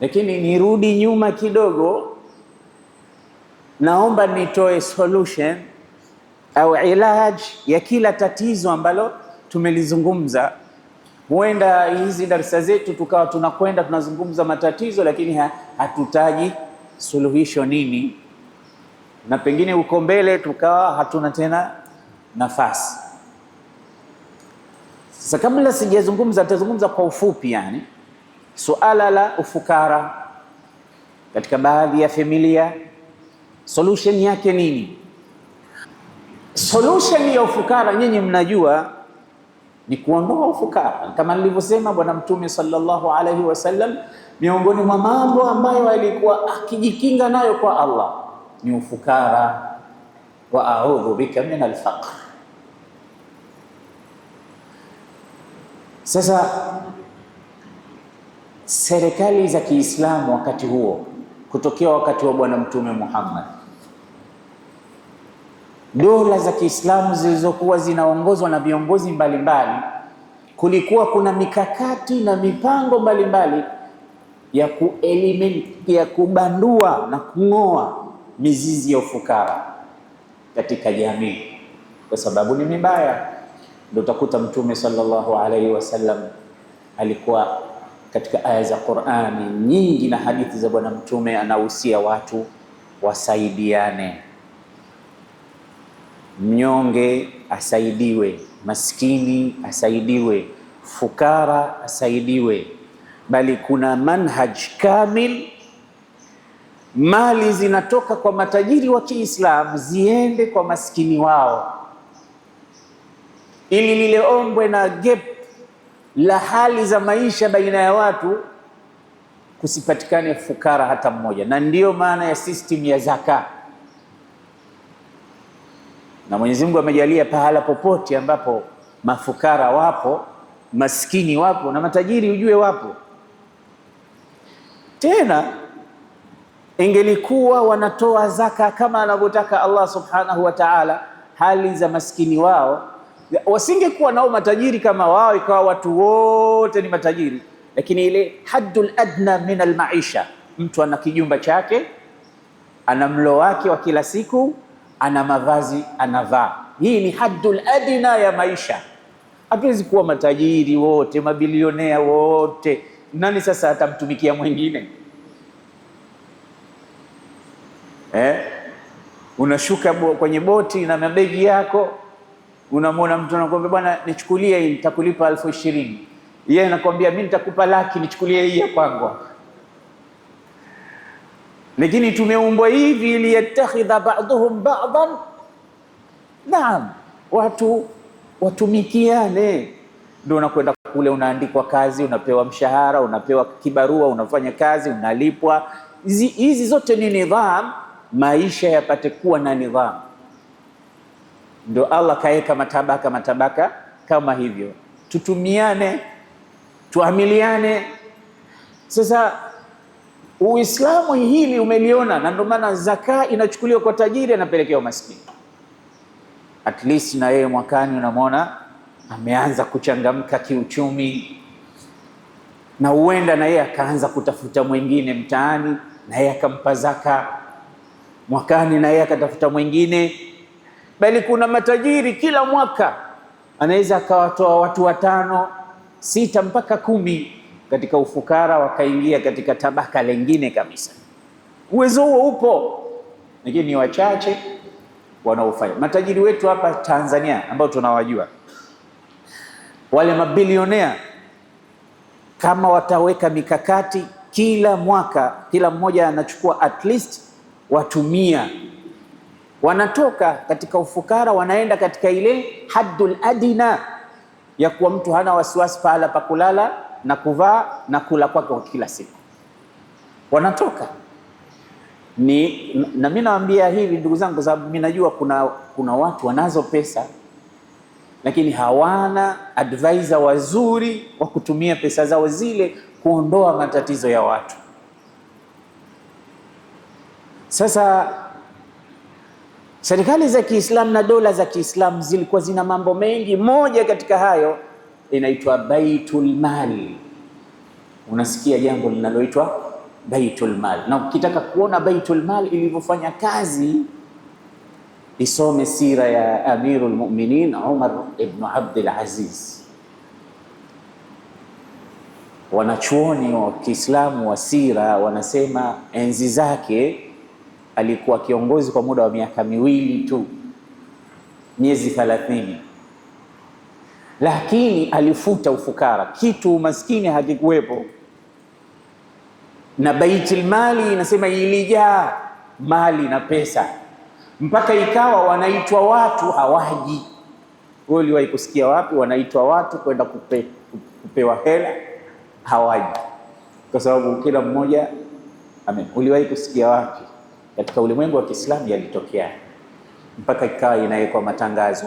Lakini nirudi nyuma kidogo, naomba nitoe solution au ilaji ya kila tatizo ambalo tumelizungumza. Huenda hizi darasa zetu tukawa tunakwenda tunazungumza matatizo, lakini hatutaji suluhisho nini, na pengine uko mbele tukawa hatuna tena nafasi. Sasa kabla sijazungumza, nitazungumza kwa ufupi yani suala la ufukara katika baadhi ya familia, solution yake nini? Solution ya ufukara nyinyi mnajua ni kuondoa ufukara. Kama nilivyosema, Bwana Mtume sallallahu alaihi wasallam, miongoni mwa mambo ambayo alikuwa akijikinga nayo kwa Allah ni ufukara, wa a'udhu bika min alfaqr. Sasa serikali za Kiislamu wakati huo kutokea wakati wa Bwana Mtume Muhammad, dola za Kiislamu zilizokuwa zinaongozwa na viongozi mbalimbali, kulikuwa kuna mikakati na mipango mbalimbali ya kuelimenti, ya kubandua na kung'oa mizizi ya ufukara katika jamii, kwa sababu ni mibaya. Ndio utakuta Mtume sallallahu alaihi wasallam alikuwa katika aya za Qur'ani nyingi na hadithi za Bwana Mtume anahusia watu wasaidiane, mnyonge asaidiwe, maskini asaidiwe, fukara asaidiwe, bali kuna manhaj kamil. Mali zinatoka kwa matajiri wa Kiislamu ziende kwa maskini wao, ili lile ombwe na gap la hali za maisha baina ya watu kusipatikane fukara hata mmoja, na ndiyo maana ya system ya zaka. Na Mwenyezi Mungu amejalia pahala popote ambapo mafukara wapo, maskini wapo, na matajiri ujue wapo. Tena ingelikuwa wanatoa zaka kama anavyotaka Allah subhanahu wa ta'ala, hali za maskini wao Wasingekuwa nao matajiri kama wao, ikawa watu wote ni matajiri, lakini ile haddul adna min almaisha, mtu ana kijumba chake, ana mlo wake wa kila siku, ana mavazi anavaa. Hii ni haddul adna ya maisha. Hatuwezi kuwa matajiri wote, mabilionea wote. Nani sasa atamtumikia mwingine eh? Unashuka kwenye boti na mabegi yako Unamwona mtu anakuambia, bwana nichukulie hii nitakulipa elfu ishirini yeye anakuambia mimi nitakupa laki, nichukulie hii ya kwangu. Lakini tumeumbwa hivi, liyattakhidha ba'dhum ba'dhan. Naam, watu watumikiane, ndio unakwenda kule, unaandikwa kazi, unapewa mshahara, unapewa kibarua, unafanya kazi, unalipwa. Hizi zote ni nidhamu, maisha yapate kuwa na nidhamu ndo Allah kaweka matabaka matabaka kama hivyo, tutumiane, tuamiliane. Sasa Uislamu hili umeliona, na ndio maana zaka inachukuliwa kwa tajiri, anapelekewa maskini. At least na yeye mwakani unamwona ameanza kuchangamka kiuchumi, na huenda na yeye akaanza kutafuta mwingine mtaani, na yeye akampa zaka mwakani, na yeye akatafuta mwingine bali kuna matajiri kila mwaka anaweza akawatoa watu watano sita mpaka kumi katika ufukara, wakaingia katika tabaka lengine kabisa. Uwezo huo upo, lakini ni wachache wanaofanya. Matajiri wetu hapa Tanzania ambao tunawajua wale mabilionea, kama wataweka mikakati, kila mwaka kila mmoja anachukua at least watu mia wanatoka katika ufukara, wanaenda katika ile haddul adina ya kuwa mtu hana wasiwasi pahala pa kulala na kuvaa na kula kwake kwa kila siku, wanatoka ni na mimi nawaambia hivi ndugu zangu, sababu mimi najua kuna, kuna watu wanazo pesa lakini hawana advisor wazuri wa kutumia pesa zao zile kuondoa matatizo ya watu sasa Serikali za Kiislamu na dola za Kiislamu zilikuwa zina mambo mengi. Moja katika hayo inaitwa baitul mal. Unasikia jambo linaloitwa baitul mal, na ukitaka kuona baitul mal ilivyofanya kazi, isome sira ya Amirul Mu'minin Umar ibn Abdul Aziz. Wanachuoni wa Kiislamu wa sira wanasema enzi zake alikuwa kiongozi kwa muda wa miaka miwili tu, miezi thalathini, lakini alifuta ufukara, kitu umaskini hakikuwepo, na baitul mali inasema ilijaa mali na pesa mpaka ikawa wanaitwa watu hawaji. Wewe uliwahi kusikia wapi wanaitwa watu kwenda kupe, kupewa hela hawaji? Kwa sababu kila mmoja amen. Uliwahi kusikia wapi? katika ulimwengu wa Kiislamu yalitokea mpaka ikawa inawekwa matangazo.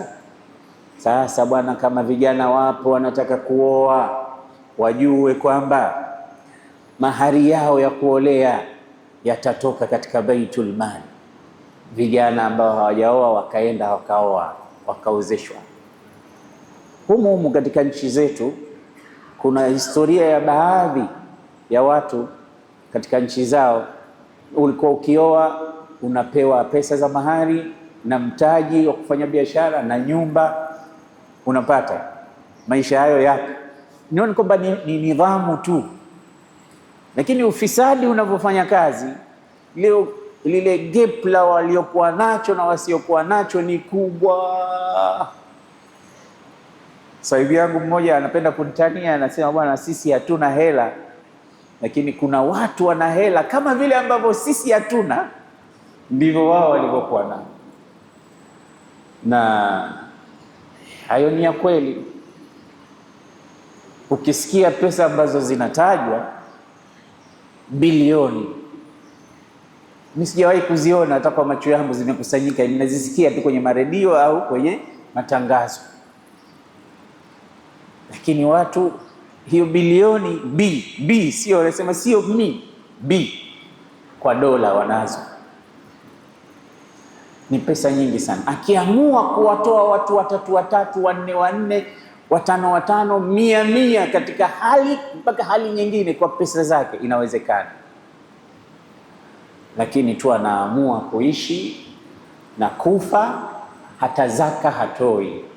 Sasa bwana, kama vijana wapo wanataka kuoa, wajue kwamba mahari yao ya kuolea yatatoka katika Baitul mal. Vijana ambao hawajaoa wakaenda wakaoa, wakaozeshwa humu humu. Katika nchi zetu kuna historia ya baadhi ya watu katika nchi zao ulikuwa ukioa unapewa pesa za mahari na mtaji wa kufanya biashara na nyumba unapata. Maisha hayo yapo, nione kwamba ni, ni nidhamu tu, lakini ufisadi unavyofanya kazi leo, lile gap la waliokuwa nacho na wasiokuwa nacho ni kubwa. Sahibi yangu mmoja anapenda kunitania, anasema bwana, sisi hatuna hela lakini kuna watu wana hela kama vile ambavyo sisi hatuna, ndivyo wao walivyokuwa nao, na hayo ni ya kweli. Ukisikia pesa ambazo zinatajwa bilioni, mimi sijawahi kuziona hata kwa macho yangu zimekusanyika, ninazisikia tu kwenye maredio au kwenye matangazo, lakini watu hiyo bilioni B, B sio, anasema sio mi B kwa dola wanazo, ni pesa nyingi sana. Akiamua kuwatoa watu watatu watatu, wanne wanne, watano watano, mia mia, katika hali mpaka hali nyingine, kwa pesa zake inawezekana, lakini tu anaamua kuishi na kufa, hata zaka hatoi.